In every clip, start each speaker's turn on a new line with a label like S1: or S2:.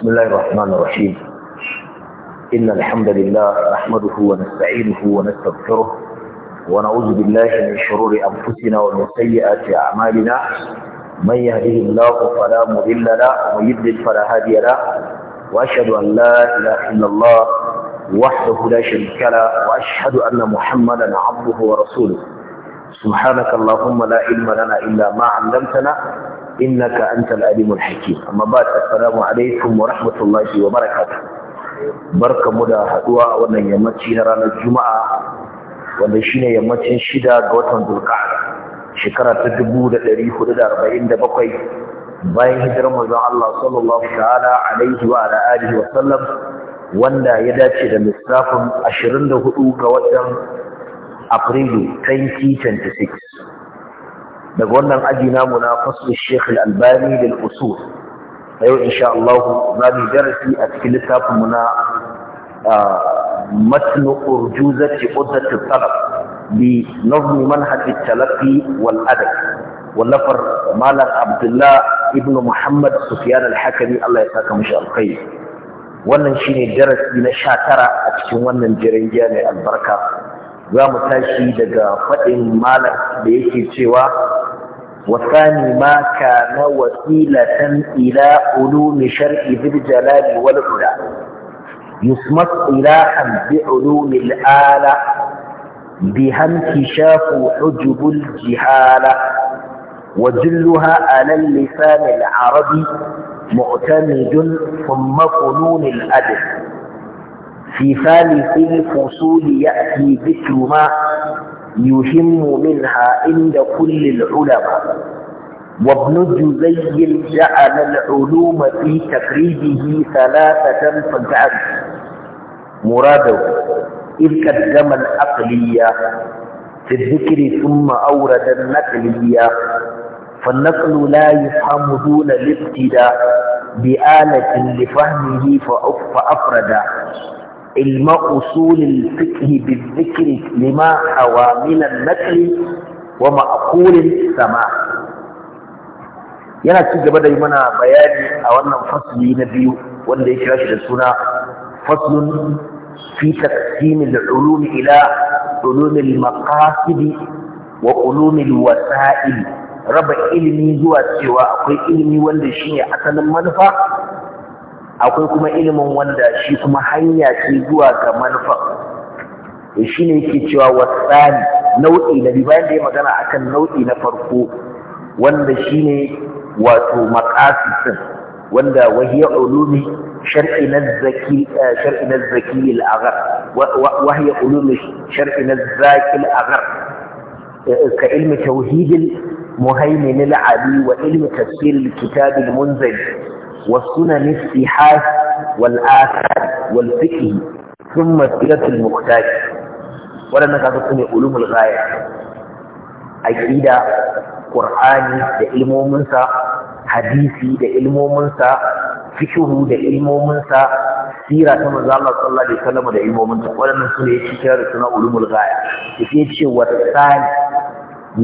S1: بسم الله الرحمن الرحيم إن الحمد لله نحمده ونستعينه ونستغفره ونعوذ بالله من شرور أنفسنا ومن سيئات أعمالنا من يهده الله فلا مضل له ومن يضلل فلا هادي له وأشهد أن لا إله إلا الله وحده لا شريك له وأشهد أن محمدا عبده ورسوله سبحانك اللهم لا علم لنا إلا ما علمتنا innaka antal alimul hakim amma ba assalamu alaikum wa rahmatullahi wa barakatuh barkamu da haduwa a wannan yammaci na ranar juma'a wanda shine yammacin shida ga watan zulqa'ada shekara ta 1447 bayan hijirar manzon Allah sallallahu ta'ala alaihi wa ala alihi wa sallam wanda ya dace da lissafin 24 ga watan Afrilu 2026 daga wannan aji namu na fasul Sheikh Al-Albani lil usul yau insha Allah za mu darasi a cikin littafin mu na متن أرجوزة عدة الطلب بنظم منهج التلقي والأدب واللفر مالك عبد الله ابن محمد سفيان الحكمي الله يساك مشاء الخير wannan shine darasi na sha tara a cikin wannan jiringiya mai albarka za mu tashi daga faɗin malam da yake cewa والثاني ما كان وسيلة إلى علوم شرع ذي الجلال والعلا يصمت إلها بعلوم الآلة بها انكشاف حجب الجهالة وجلها على اللسان العربي معتمد ثم فنون الأدب في ثالث الفصول يأتي ذكر ما يهم منها عند كل العلماء وابن جزي جعل العلوم في تفريده ثلاثة فجعل مراده إذ كدم العقلية في الذكر ثم أورد النقلية فالنقل لا يفهم دون الابتداء بآلة لفهمه فأفرد علم أصول الفقه بالذكر لما حوى من wa ومعقول sama. yana ci gaba da yi mana bayani a wannan fasli na biyu wanda ya kira shi suna faslun fi taqsimil ulum ila ulumil maqasid wa ulumil wasa'il raba ilimi zuwa cewa akwai ilimi wanda shine asalin manufa akwai kuma ilimin wanda shi kuma hanya ce zuwa ga manufa shi ne yake cewa wasani nau'i na biyu bayan da ya magana akan nau'i na farko wanda shi ne wato makasisin wanda wahiyar ulumi shar'i na zaki eh, al'agar wahiyar ulumi shar'i na zaki al'agar eh, ka ilmi tauhidin muhaiminin al'ali wa ilmi tafsirin kitabin munzali وسنن السحاس والآثار والفقه ثم سيرة المحتاج ولن نتعطي علوم الغاية أكيدة قرآني لإلمو منسى hadisi da ilmominsa fikihu da ilmominsa sira ta manzo Allah sallallahu alaihi wasallam da ilmominsa waɗannan su ne yake kira suna ulumul ghaya yake yace wa tsani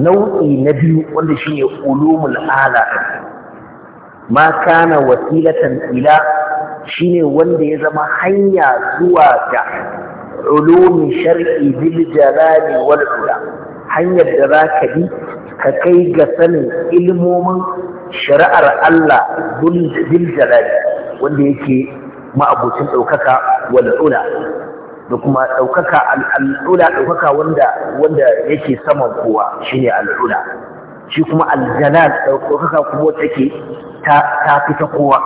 S1: nau'i na biyu wanda shine ulumul ala ma kana wasilatan ila shine wanda ya zama hanya zuwa ga ulumi shar'i bil jalali wal ula hanyar da zaka bi ka kai ga sanin ilmomin shari'ar Allah bil jalali wanda yake ma'abucin ɗaukaka wal ula da kuma ɗaukaka al'ula ɗaukaka wanda wanda yake saman kowa shine al'ula shi kuma aljalal ɗaukaka kuma take ta fi ta kowa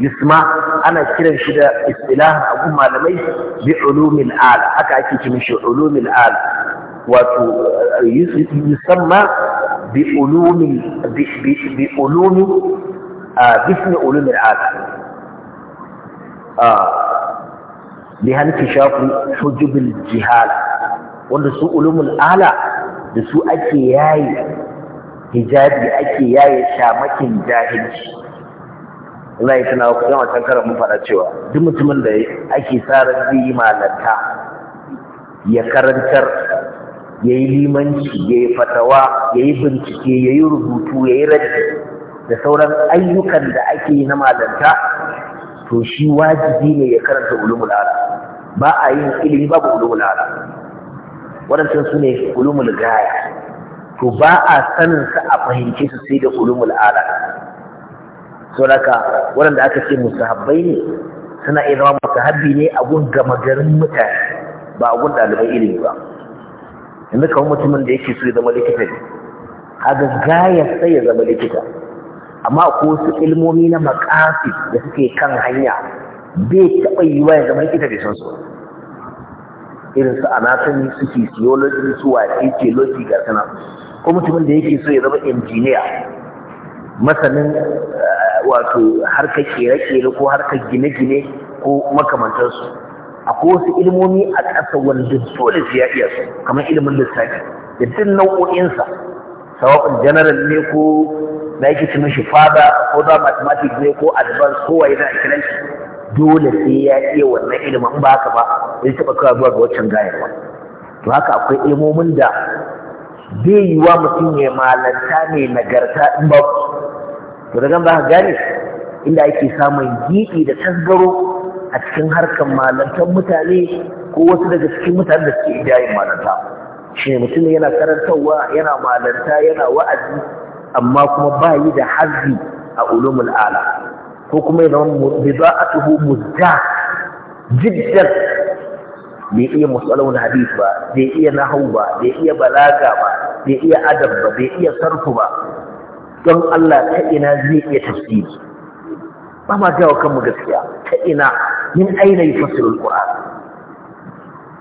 S1: yusma ana kiran shi da istilahin abun malamai bi ulumin al haka ake kimi shi ulumin al wato yusamma bi ulumi bi ulumi bisni ulumin al li hanki shafu hujubul jihal wanda su ulumul ala da su ake yaye hijabi ake yaye shamakin jahilci ina yi tunawa kusan wancan karan mun faɗa cewa duk mutumin da ake tsara zai yi malanta ya karantar ya yi limanci ya yi fatawa ya yi bincike ya yi rubutu ya yi raddi da sauran ayyukan da ake yi na malanta to shi wajibi ne ya karanta ulumul ala ba a yin ilimi babu ulumul ala waɗancan su ne ulumul gaya to ba a sanin sa a fahimce su sai da ulumul ala saboda waɗanda aka ce musahabbai ne suna iya zama musahabbi ne a gun gama garin mutane ba a gun ɗalibai ilimi ba yanzu kamar mutumin da yake so ya zama likita ne kaga gaya sai ya zama likita amma ko su ilmomi na makafi da suke kan hanya bai taɓa yiwa ya zama likita da sansu su irin su anatomy su physiology su wace loti ga sana ko mutumin da yake so ya zama injiniya masanin eh, wato harka kere-kere ko harkar gine-gine ko makamantarsu akwai wasu ilmomi a ƙasa wanda dole su ya iya su kamar ilimin lissafi da duk nau'o'insa sawa'un general ne ko na yake cimin shi fada ko za mathematics ne ko advance ko waye na dole sai ya iya wannan ilimin ba haka ba bai taɓa kawai zuwa ga waccan gayarwa to haka akwai ilmomin da bai wa mutum ya malanta ne nagarta in ba to daga ba ka gane inda ake samun giɗi da tasgaro a cikin harkar malantar mutane ko wasu daga cikin mutane da suke yin malanta shi mutum yana karantarwa yana malanta yana wa'azi amma kuma ba yi da hazzi a ulumul ala ko kuma ya zama bida'atuhu mudda jiddan bai iya musalawun hadith ba bai iya nahau ba bai iya balaga ba bai iya adab ba bai iya sarfu ba don Allah ta ina zai iya tafsiri ba ma jawo kanmu gaskiya ta ina min aina yufassirul qur'an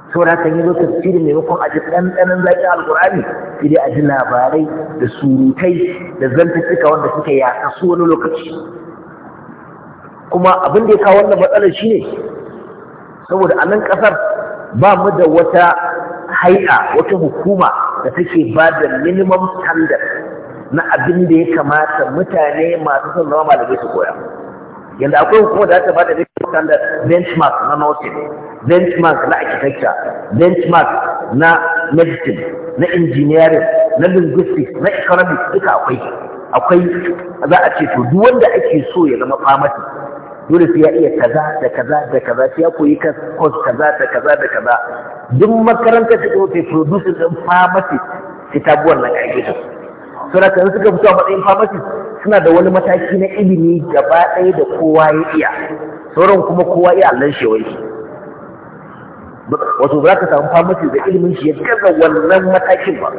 S1: saboda kan yi zo tafsirin maimakon a ji ɗanɗanon zaƙi alƙur'ani sai dai a ji labarai da surutai da zantuttuka wanda suka yasa su wani lokaci kuma abin da ya kawo wannan matsalar shi ne saboda a nan ƙasar ba mu da wata hai'a wata hukuma da take ba da minimum standard na abin da ya kamata mutane masu son zama malamai su koya yanzu akwai hukuma da ta ba da minimum standard benchmark na nursing benchmark na architecture benchmark na medicine na engineering na linguistics na economics duka akwai akwai za a ce to duk wanda ake so ya zama famasi dole sai ya iya kaza da kaza da kaza sai ya koyi kos kaza da kaza da kaza duk makaranta ta zo ta produce din pharmacy kitabuwan nan kage ta sura kan suka fito a matsayin pharmacy suna da wani mataki na ilimi gaba ɗaya da kowa ya iya sauran kuma kowa ya Allah shi wai wato ba ka samu pharmacy da ilimin shi ya gaza wannan matakin ba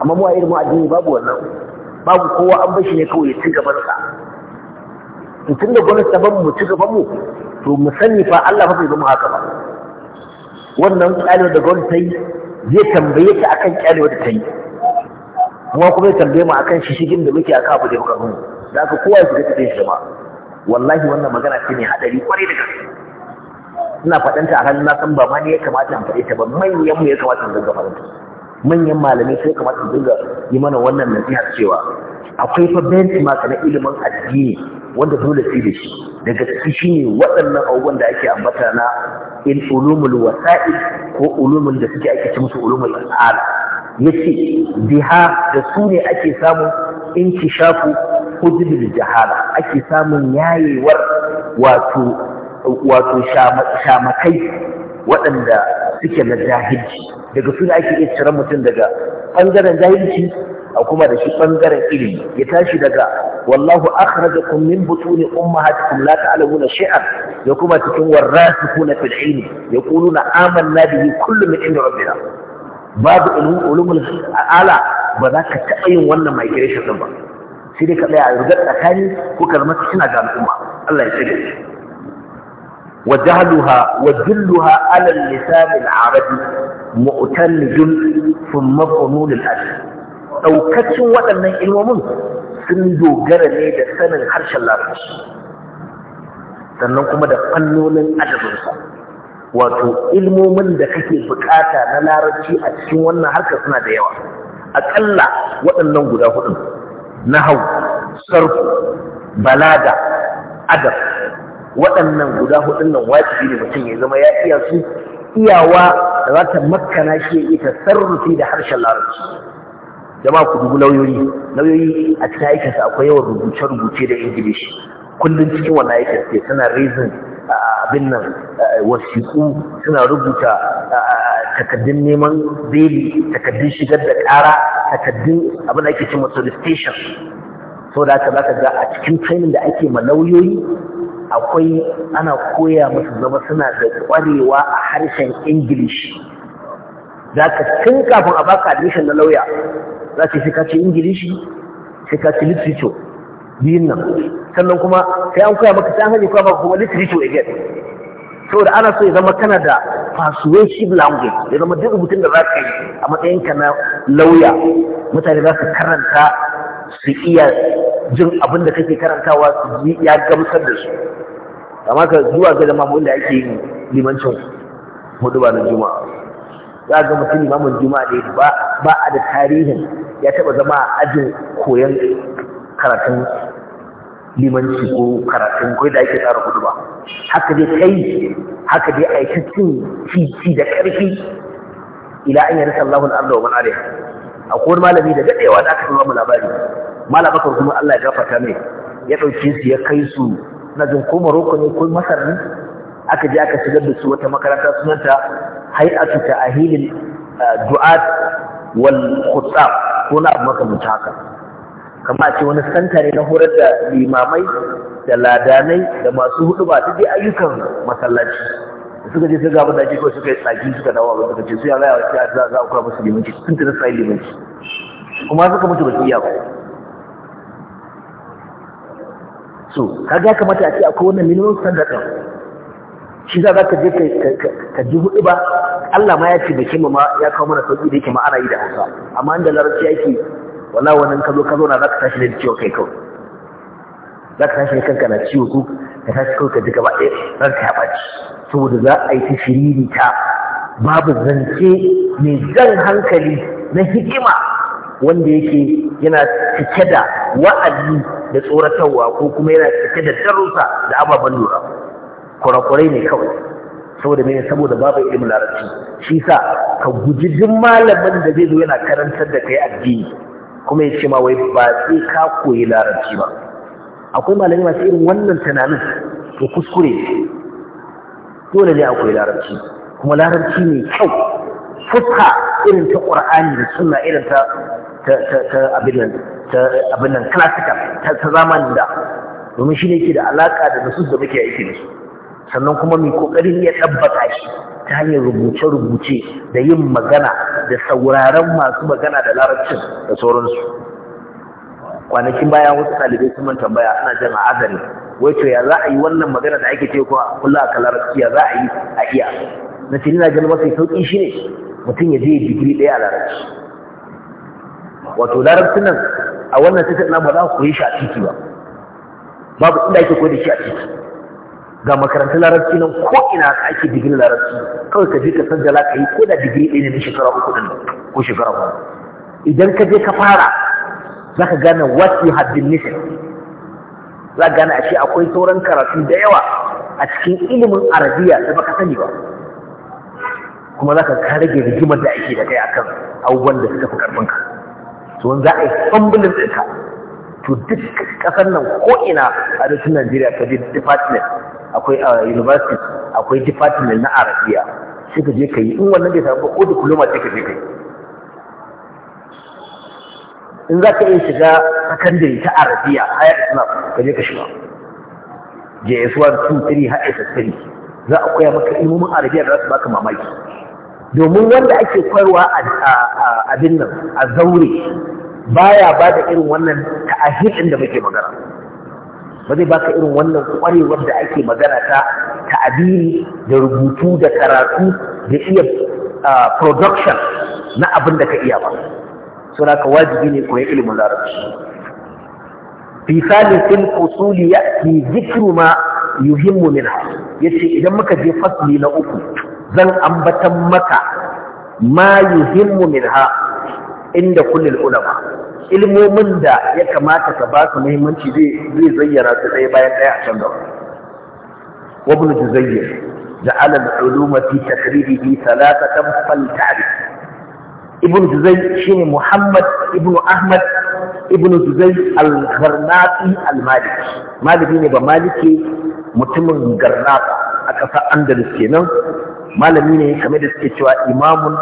S1: amma mu a ilimin addini babu wannan babu kowa an bashi ne kawai ya ci gaban sa tun da gwamnati ta bamu mu ci gaban mu to mu sani fa Allah fa bai zama haka ba wannan kyalewa da gwamnati ta yi zai tambaye ta akan kyalewa da ta yi kuma kuma ya tambaye mu akan shishigin da muke akan abu da muka gumu da aka kowa ya shiga zai shi jama'a wallahi wannan magana ce mai hadari kwarai da gaske ina faɗanta a halin na san ba ma ne ya kamata in faɗe ta ba manyan mu ya kamata in dinga faɗanta manyan malamai sai kamata su dinga yi mana wannan nasiha cewa akwai fa benchmark na ilimin addini wanda dole sai da shi daga ciki ne waɗannan abubuwan da ake ambata na in ulumul wasa'il ko ulumul da suke ake ci musu ulumul al'ala yace biha da su ne ake samun inkishafu hujjatul jahala ake samun yayewar wato wato shamakai waɗanda suke na jahilci daga su ake iya cire mutum daga ɓangaren jahilci a kuma da shi bangaren ilimi ya tashi daga wallahu akhrajakum min butuni ummahatikum la ta'lamuna shay'an ya kuma cikin warasikuna fil ilmi yaquluna amanna bihi kullu min inda rabbina babu ulumul ala ba za ka taɓa yin wannan migration din ba sai dai ka tsaya a rigar tsakani ko ka cikin ga al'umma Allah ya tsare shi وجهلها وجلها على اللسان العربي مؤتلج ثم فنون الأجل
S2: ɗaukacin
S1: waɗannan ilmomin sun dogara ne da sanin harshen larabci sannan kuma da fannonin adabinsa wato ilmomin da kake bukata na larabci a cikin wannan harkar suna da yawa aƙalla waɗannan guda hudun nahau sarku balaga adab waɗannan guda hudun nan wajibi ne mutum ya zama ya iya su iyawa da za ta makana shi ya yi tasarrufi da harshen larabci jama'a ku dubu lauyoyi lauyoyi a cikin aikinsa akwai yawan rubuce-rubuce da ingilishi kullum cikin wannan aikin sai suna raising abin nan wasiku suna rubuta takaddun neman beli takaddun shigar da ƙara takaddun abin da ake cin solicitation sau da aka zaka ga a cikin training da ake ma lauyoyi akwai ana koya musu zama suna da ƙwarewa a harshen ingilishi za ka tun kafin a baka admission na lauya za ka sai ingilishi sai ka litrito biyun nan sannan kuma sai an koya maka sai an hanyar koya maka kuma literature again saboda ana so ya zama kana da persuasive language ya zama duk rubutun da za ka yi a matsayinka na lauya mutane za su karanta su iya jin abin da kake karantawa su ji ya gamsar da su amma ka zuwa ga zama da ake yin limancin hudu ba na juma'a za ga mutum limamin juma'a ne ba ba a da tarihin ya taba zama a ajin koyon karatun limanci ko karatun ko da ake tsara kudu ba haka dai kai haka dai a yi cin cici da ƙarfi ila an yarda Allahu al-arda wa man alaiha akwai malami da dadewa da aka ba mu labari malabakar kuma Allah ya gafarta mai ya dauke su ya kai su na jin ko Maroko ne ko Masar ne aka je aka shigar da su wata makaranta sunanta hay'atu ta'ahilil uh, du'at wal khutab ko na abu makamanta haka kama ce wani santa na horar da limamai da ladanai da masu hudu ba duk dai ayyukan masallaci suka je suka abin da ake kawai suka yi tsaki suka dawo ga suka ce su ya raya wasu ya za a kawo musu limanci sun tana sa limanci kuma suka mutu ba su iya ba so kaga kamata a ce akwai wannan minimum standard ɗin shi za ka je ka ji hudu ba Allah ma ya ce da ke ma ya kawo mana sauki da ke ma ana yi da hausa amma inda larabci yake wala wannan ka zo ka zauna za ka tashi ne da ciwo kai kawai za ka tashi ne kanka na ciwo ko ka tashi kawai ka ji gaba ɗaya ka ya ɓaci saboda za a yi ta shiriri ta babu zance mai zan hankali na hikima wanda yake yana cike da wa'azi da tsoratarwa ko kuma yana cike da darussa da ababen lura kurakurai ne kawai saboda mene saboda babu ilimin larabci shi sa ka guji duk malamin da zai zo yana karantar da kai addini kuma ya ce ma wai ba sai ka koyi larabci ba akwai malami masu irin wannan tunanin to kuskure dole ne a koyi larabci kuma larabci ne kyau fuska irin ta qur'ani da sunna irin ta abin nan classical ta zamanin da domin shi ne ke da alaka da nasu da muke aiki da su sannan kuma mai kokarin ya tabbata shi ta hanyar rubuce-rubuce da yin magana da sauraron masu magana da larabcin da sauransu kwanakin baya wasu ɗalibai sun man tambaya ana jan a azari wai to ya za a yi wannan magana da ake teku a kula a larabci ya za a yi a iya na ce na ganin mafi sauƙi shi ne mutum ya je digiri ɗaya a larabci wato larabcin nan a wannan tattalin na ba za ku yi shi a titi ba babu inda ake koyar da shi a titi ga makarantar larabci nan ko ina ka ake digiri larabci kawai ka je ka san da za ka yi ko da digiri ɗaya ne shekara uku ɗin ko shekara uku idan ka je ka fara za ka gane what you have been missing za ka gane a ce akwai sauran karatu da yawa a cikin ilimin arabiya da baka sani ba kuma za ka kare rigimar da ake da kai akan abubuwan da suka fi ka, to za a yi fumbling ɗinka to duk ƙasar nan ko'ina a rikin najeriya ta je department akwai a uh, university akwai department na arabiya sai ka je ka yi in wannan bai samu ko diploma sai ka je ka yi in za ka iya shiga sakandare ta arabiya haya suna ka je ka shiga js1 2 3 har ss3 za a koya maka ilmomin arabiya da za su baka mamaki domin wanda ake koyarwa a abin nan a zaure baya ba da irin wannan ta'ahir din da muke magana ba zai baka irin wannan kwarewar da ake magana ta ta'abiri da rubutu da karatu da iya production na abin da ka iya ba suna ka wajibi ne koyi ilimin larabci fi salisin usuli ya fi zikru ma yuhimmu minha yace idan muka je fasli na uku zan ambatan maka ma yuhimmu ha, inda kullul ulama ilmomin da ya kamata ka ba su muhimmanci zai zayyara su ɗaya bayan ɗaya a can gaba wabin juzayyar da alal ta fi takribihi salatatan fal ta'rif ibn juzay shine muhammad ibn ahmad ibn juzay al-garnati al-maliki maliki ne ba maliki mutumin garnata a ƙasar andalus kenan malami ne kamar da suke cewa imamun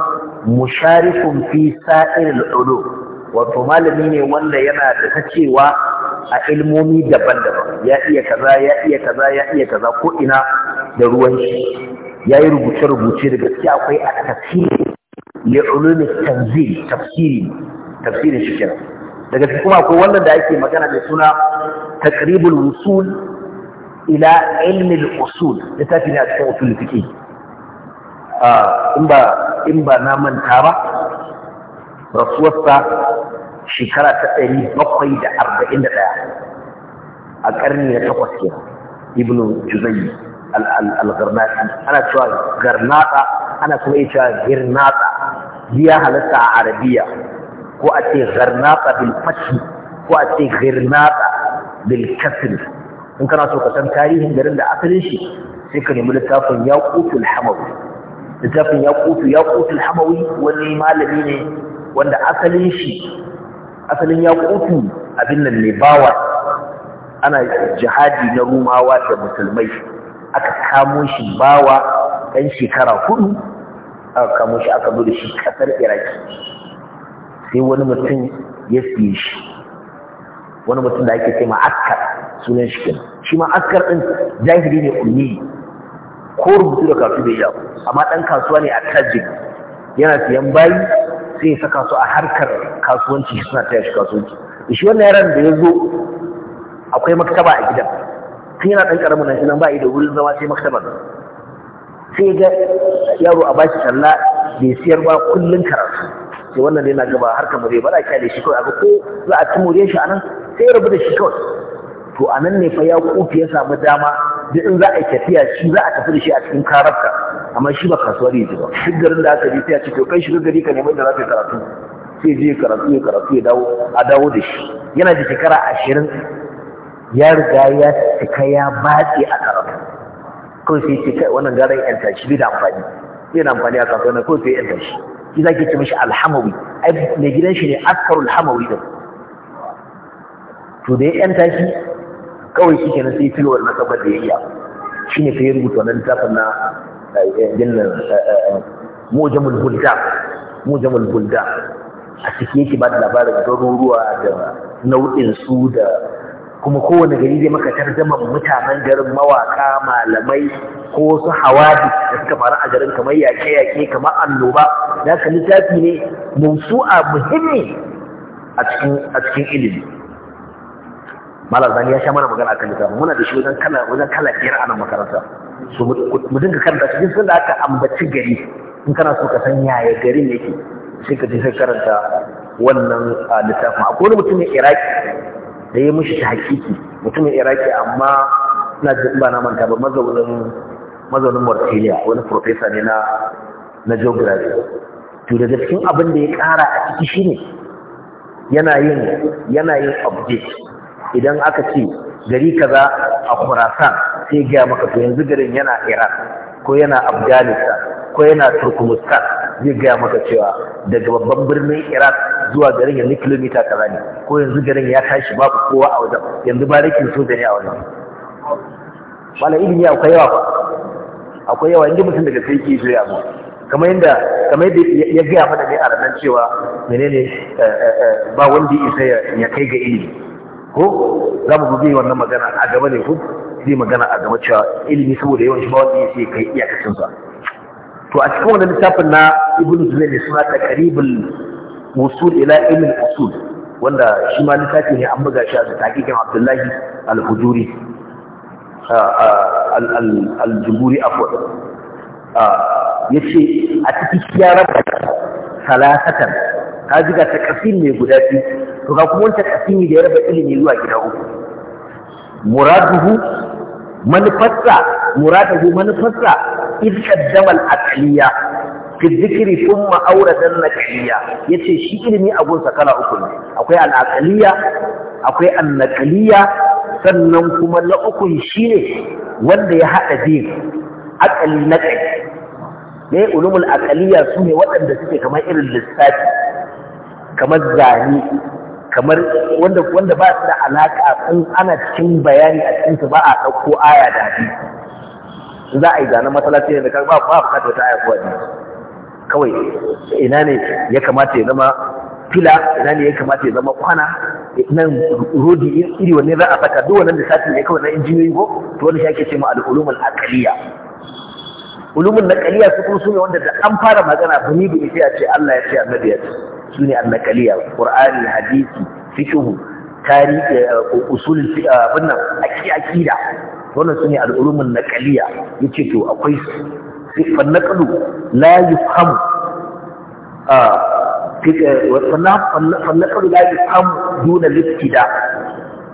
S1: musharifun fi sa'ir al-ulum wato malami ne wanda yana da ta cewa a ilmomi daban-daban ya iya kaza ya iya kaza ya iya kaza ko ina da ruwan shi ya yi rubuce-rubuce da gaske akwai a tafsiri ya ulumi tanzil tafsiri tafsirin shi kenan da gaske kuma akwai wannan da ake magana da suna taqribul wusul ila ilmi al-usul littafi ne a cikin usul ah, in ba in ba na manta ba rasuwarsa shekara ta ɗari bakwai da arba'in da ɗaya a ƙarni na takwas ke ibn juzayi al-garnati ana cewa garnata ana kuma yi cewa girnata biya halatta a arabiya ko a ce garnata bil fashi ko a ce girnata bil kasri in kana so ka san tarihin garin da asalin shi sai ka nemi littafin yaqutul hamawi littafin yaqutu yaqutul hamawi wani malami ne wanda asalin shi asalin ya kutu abin nan ne bawa ana jihadi na rumawa da musulmai aka kamo shi bawa ɗan shekara hudu aka kamo shi aka zuwa shi ƙasar iraki sai wani mutum ya siye shi wani mutum da ake ce ma askar sunan shi kenan shi ma askar ɗin jahiri ne ulmi ko rubutu da kasu bai yawa amma ɗan kasuwa ne a tajin yana siyan bayi sai ya saka su a harkar kasuwanci suna taya shi kasuwanci shi wannan yaran da ya zo akwai maktaba a gidan sai yana ɗan ƙaramin nan idan ba da wurin zama sai maktaba sai ga yaro a bashi talla bai siyar ba kullum karatu sai wannan ne na gaba harkar mu zai bada da shi kawai aka ko za a tumure shi anan sai rabu da shi kawai to anan ne fa ya kofi ya samu dama duk in za a tafiya shi za a tafi da shi a cikin karafka amma shi ba kasuwa da yake ba duk garin da aka je sai a ce to kai shiga gari ka neman da za ka karatu sai je karatu ya karatu ya dawo a dawo da shi yana da shekara ashirin ya riga ya cika ya batse a karatu kawai sai ce kai wannan garin yan tashi bai da amfani bai da amfani a kasuwa na kawai sai yan tashi shi za ke ce mishi alhamawi ai mai gidan shi ne askar alhamawi da to da ya yan tashi kawai shi kenan sai filowar na da ya iya shi ne sai ya rubuta wannan littafin na jinnan mujamul bulda mujamul bulda a cikin yake ba da labarin garuruwa da nau'in su da kuma kowane gari zai maka tarzaman mutanen garin mawaka malamai ko wasu hawadi da suka faru a garin kamar yake-yake, kamar annoba da ka littafi ne a muhimmi a cikin ilimi malar zani ya sha mana magana akan littafin muna da shi wajen kala kiyar a nan makaranta so mu dinga karanta cikin sun da aka ambaci gari in kana so ka san yaya garin ke. sai ka je karanta wannan ah, littafin akwai wani mutumin iraki da ya mushi ta hakiki mutumin iraki amma na ba na manta ba mazaunin mazaunin wani Profesa ne na na geography to daga cikin abin da ya kara a ciki shine yana yin yana yin update idan aka ce gari kaza a Khurasan sai gaya maka to yanzu garin yana Iraq ko yana Afghanistan ko yana Turkmenistan zai gaya maka cewa daga babban birnin Iraq zuwa garin yanzu kilomita kaza ne ko yanzu garin ya tashi babu kowa a wajen yanzu ba rikin soja ne a wajen wala ilimi akwai yawa ba akwai yawa inda mutum daga sai ke ya mu kamar yadda kamar yadda ya gaya mana ne a ranar cewa menene eh, eh, eh, ba wanda isa ya kai ga ilimi ko za mu zai wannan magana a gaba ne ko zai magana a gaba cewa ilimi saboda yawan shi ba wanda sai kai iyakacinsa to a cikin wannan littafin na ibn zubair ne suna ta karibin wusul ila ilmin usul wanda shi ma littafi ne an buga shi a takikin abdullahi al-hujuri al-juburi afwan a cikin ya raba salasatan ka jiga ta kasin ne guda biyu to ga kuma wancan kasimi da ya raba ilimi zuwa gida uku muraduhu manufarsa muraduhu manufarsa iz qaddama al ma'auratan fi dhikri thumma yace shi ilimi abun kala uku ne akwai al'akaliya, akwai an sannan kuma na uku ne. wanda ya haɗa biyu aqali naqli ne ulumul aqliya su ne waɗanda suke kamar irin lissafi kamar zane kamar wanda wanda ba su da alaka sun, ana cikin bayani a cikin su ba a dauko aya da hadisi za a yi zanen masallaci ne da kan ba ba bukatar wata aya ko hadisi kawai ina ne ya kamata ya zama fila ina ne ya kamata ya zama kwana nan rodi iri wanne za a saka duk wannan lissafi ne kawai na injiniyoyi ko to wani shi ce ma al'ulumul aqliya ulumun naqliya su kuma sune wanda da an fara magana ba ni bi sai ce Allah ya ce annabi ya ce su ne annakaliya ƙur'ani hadisi fikihu tarihi eh, usul abin nan akida wannan su ne al'ulumin nakaliya ya ce to akwai siffar nakalu la yi famu فالنقل لا يفهم دون fa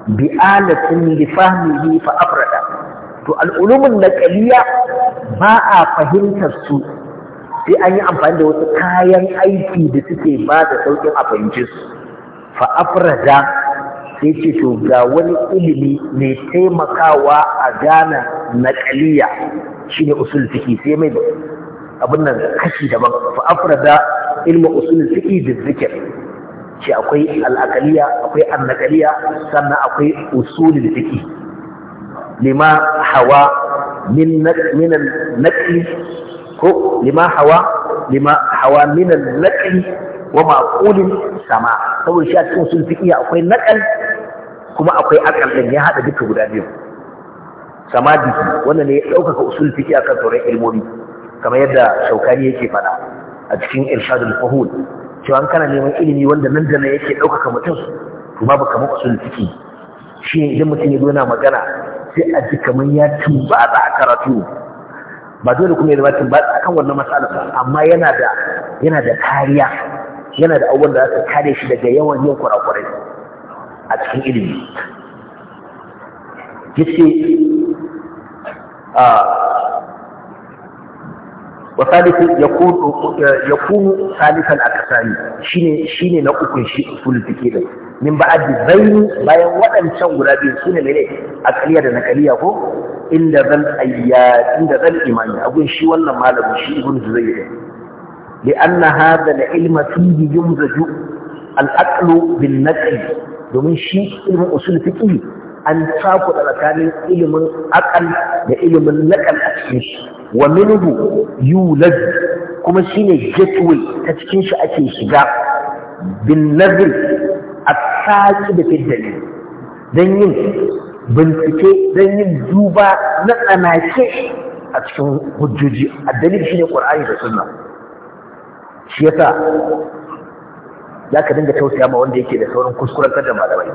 S1: بآلة To فأفرد nakaliya ba a fahimtar su. sai an yi amfani da wasu kayan aiki da suke ba da sauƙin a fahimci su fa sai ce to ga wani ilimi mai taimakawa a gane naƙaliya shine usul ciki sai mai abin nan kashi daban fa afrada ilmu usul ciki da zikir ce akwai al'akaliya akwai annakaliya sannan akwai usul ciki lima hawa min naƙi. ko lima hawa lima hawa min al-naqli wa maqulin sama saboda shi a cikin sun iya akwai naqal kuma akwai aqal din ya hada duka guda biyu samadi wannan ne ya ɗaukaka usul a akan sauran ilmomi kamar yadda shaukani yake faɗa a cikin irshadul fuhul cewa kana neman ilimi wanda nan da nan yake ɗaukaka mutum to babu kamar usul fiqi shi idan mutum ya zo yana magana sai a ji kamar ya ba a karatu ba dole kuma ya ba kan kan wannan matsala. amma yana da yana da kariya yana da abubuwan da za kare shi daga yawan yin kurakurai a cikin ilimi yace ah, wa salisu yakunu salisan akasani shine shine na ukun shi usul fiqh din min ba'd bayan waɗancan guda biyu sune mene aqliya da naqliya ko inda zal ayyat inda zan imani abun shi wannan malamin shi ibn zubayr li anna hadha al ilma fihi yumzaju al aqlu bin naqli domin shi ilmin usul fiqh an takuɗa tsakanin ilimin akal da ilimin nakal a cikin shi wa minhu yulad kuma shine gateway ta cikin shi ake shiga bin nazir a saki da fiddali don yin bincike don yin duba na tsanake a cikin hujjoji a dalil shine qur'ani da sunna shi yasa za ka dinga tausaya ma wanda yake da saurin kuskuren da malamai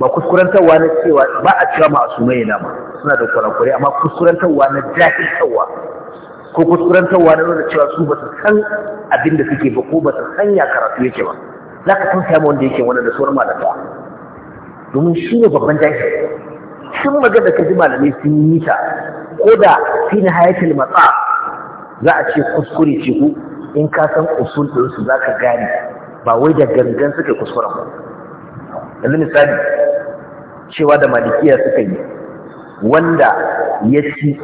S1: ba kuskurantarwa na cewa ba a cewa ma'asumai yana ba suna da kwarakwari amma kuskurantarwa na jahiltarwa ko kuskurantarwa na nuna cewa su ba su san abin da suke ba ko ba su san ya karatu yake ba za ka san samun wanda yake wani da sauran malama domin shi ne babban jahil sun magana da kaji malamai sun yi nisa ko da fi na hayatul matsa za a ce kuskure ce ku in ka san usul ɗinsu za ka gane ba wai da gangan suke kuskuren ba yanzu misali cewa da malikiya suka yi wanda ya ci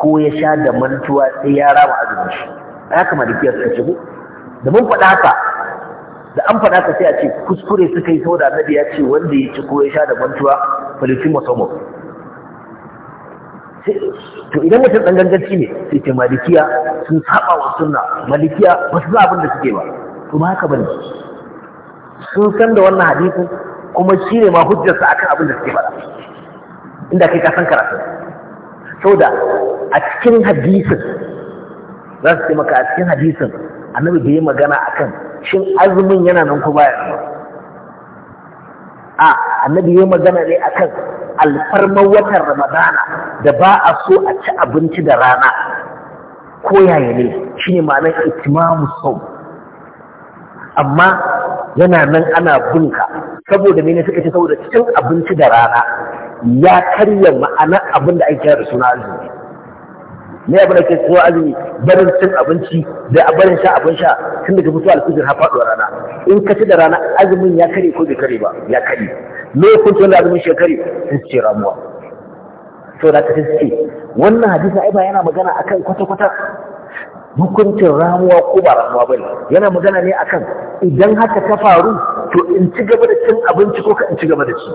S1: ko ya sha da mantuwa sai ya rama azumin shi haka malikiya suka ce da mun faɗa haka da an faɗa haka sai a ce kuskure suka yi saboda annabi ya ce wanda ya ci ko ya sha da mantuwa falitin musamman to idan mutum ɗan ganganci ne sai ce malikiya sun saba wa sunna malikiya ba su abin da suke ba to ba haka bane sun san da wannan hadisin kuma shi ne ma hujjarsa akan abin da suke faɗa inda kai ka san karatu saboda a cikin hadisin za su ce maka a cikin hadisin annabi bai yi magana akan shin azumin yana nan ko baya a annabi yi magana ne akan alfarmar watan ramadana da ba a so a ci abinci da rana ko yaya ne shine ma'anar itimamu sau amma yana nan ana bunka saboda mene suka ce saboda cikin abinci da rana ya karya ma'anar abin da ake kira da suna azumi me abin da ke suna azumi barin cin abinci da barin sha abin sha tun daga mutuwa alfijir har faɗuwa rana in ka ci da rana azumin ya kare ko bai kare ba ya kare lokacin wanda azumin shekari sun ce ramuwa to da ka ce wannan hadisi ai ba yana magana akan kwata-kwata hukuncin ramuwa ko ba ramuwa bane yana magana ne akan idan haka ta faru to in ci gaba da cin abinci ko ka in ci gaba da ci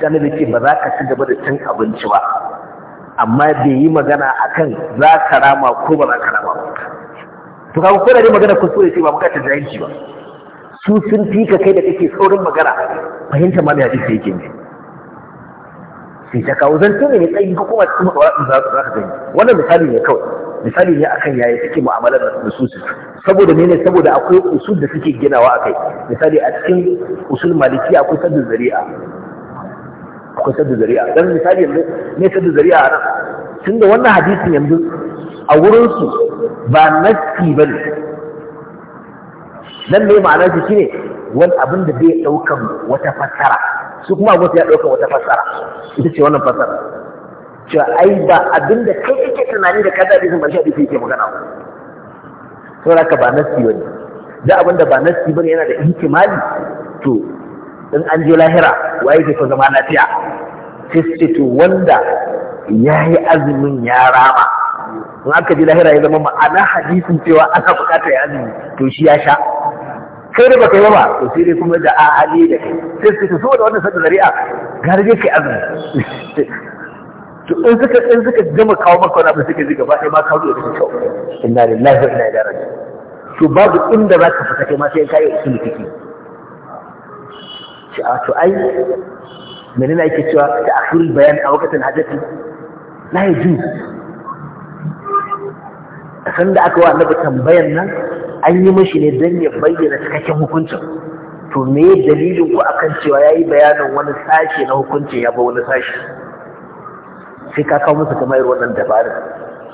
S1: da ce ba za ka ci gaba da cin abinci ba amma bai yi magana akan za ka rama ko ba za ka rama ba to ka ko da dai magana kuskure ce ba bukatar jahilci ba su sun fi ka kai da kake saurin magana fahimta ma mai hadisi yake ne sai ta kawo zan tuni ne tsayi ko kuma su za ka gani wannan misali ne kawai misali ne akan yaya suke mu'amalar da su su, saboda ne saboda akwai usul da suke ginawa akai misali a cikin usul maliki akwai saddu zari'a akwai saddu zari'a dan misali yanzu ne saddu zari'a nan tun da wannan hadisin yanzu a wurin su ba nassi bane dan ne ma'ana shi shine wani abin da bai daukan wata fassara su kuma abin ya daukan wata fassara ita ce wannan fassara cewa ai ba abinda kai yake tunani da kaza sun ba shi hadisi yake magana ba da ka ba nasi wani da abinda ba nasi bane yana da ihtimali to in an je lahira waye ke fa zama lafiya sai to wanda ya yi azumin ya rama in aka je lahira ya zama ma'ana hadisin cewa ana bukatar ya azumi to shi ya sha kai da baka yi ba to sai dai kuma da ahali da kai sai su to saboda wannan sanin zari'a gara kai azumi to in suka in suka gama kawo maka wani abu suka ji gaba ɗaya ma ka zo da kyau inna lillahi wa inna ilaihi raji'un to babu inda za ka fita kai ma sai ka yi usulu fiki ce a to ai menene ake cewa da akhirul bayan a wakatin hajjati la yaju san da aka wa annabi tambayan nan an yi mashi ne don ya bayyana cikakken hukuncin to me dalilin ku akan cewa yayi bayanin wani sashe na hukuncin ya ba wani sashe sai ka kawo musu kamar wannan dabarar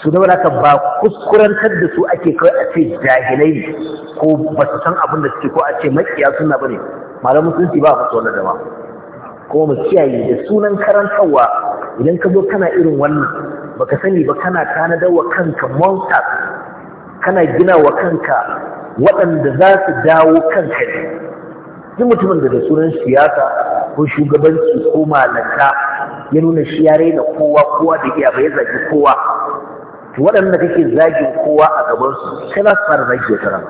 S1: su da wadaka ba kuskurantar da su ake kawai a ce jahilai ko ba su san abin da suke ko a ce makiya suna ba ne malamin sunci ba a wannan dama kuma mu kiyaye da sunan karantarwa idan ka zo kana irin wannan baka sani ba kana tanadar wa kanka monsters kana gina wa kanka waɗanda za su dawo kanka ne duk mutumin da da sunan siyasa ko shugabanci ko malaka ya nuna shi ya raina kowa kowa da iya bai zagi kowa to waɗanda kake zagin kowa a gaban su sai za su fara zagi ya tara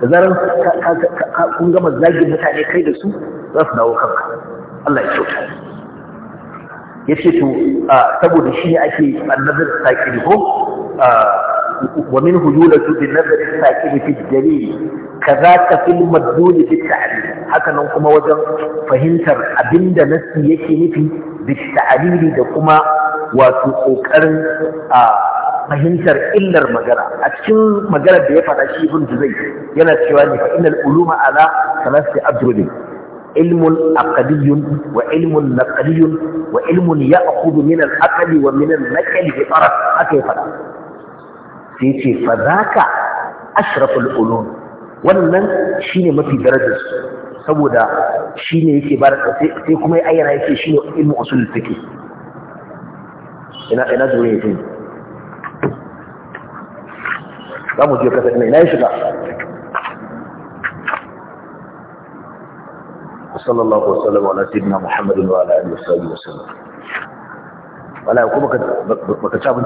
S1: da zarar kun gama zagin mutane kai da su za su dawo kanka Allah ya kyauta ya ce to saboda shi ne ake annabin saƙi ko ومنه يولد بالنظر الساكن في الدليل كذاك في المدلول في التعليم haka nan kuma wajen fahimtar abinda nasi yake nufi bishta'alili da kuma wato ƙoƙarin a fahimtar illar magana a cikin maganar da ya faɗa shi ibn Juzay yana cewa ne fa innal uluma ala thalathati abdulin ilmun aqdiyyun wa ilmun naqdiyyun wa ilmun ya'khudhu min al wa min al-naqli bi taraf haka ya faɗa sai ce fa zaka ashraful ulum wannan shine mafi darajar saboda shi ne yake ba sai kuma ya ayyana yake shi ne ilmu usul fiqh ina ina zuwa yake za mu je kasa ina ya shiga صلى الله وسلم على سيدنا محمد وعلى اله وصحبه wala kuma baka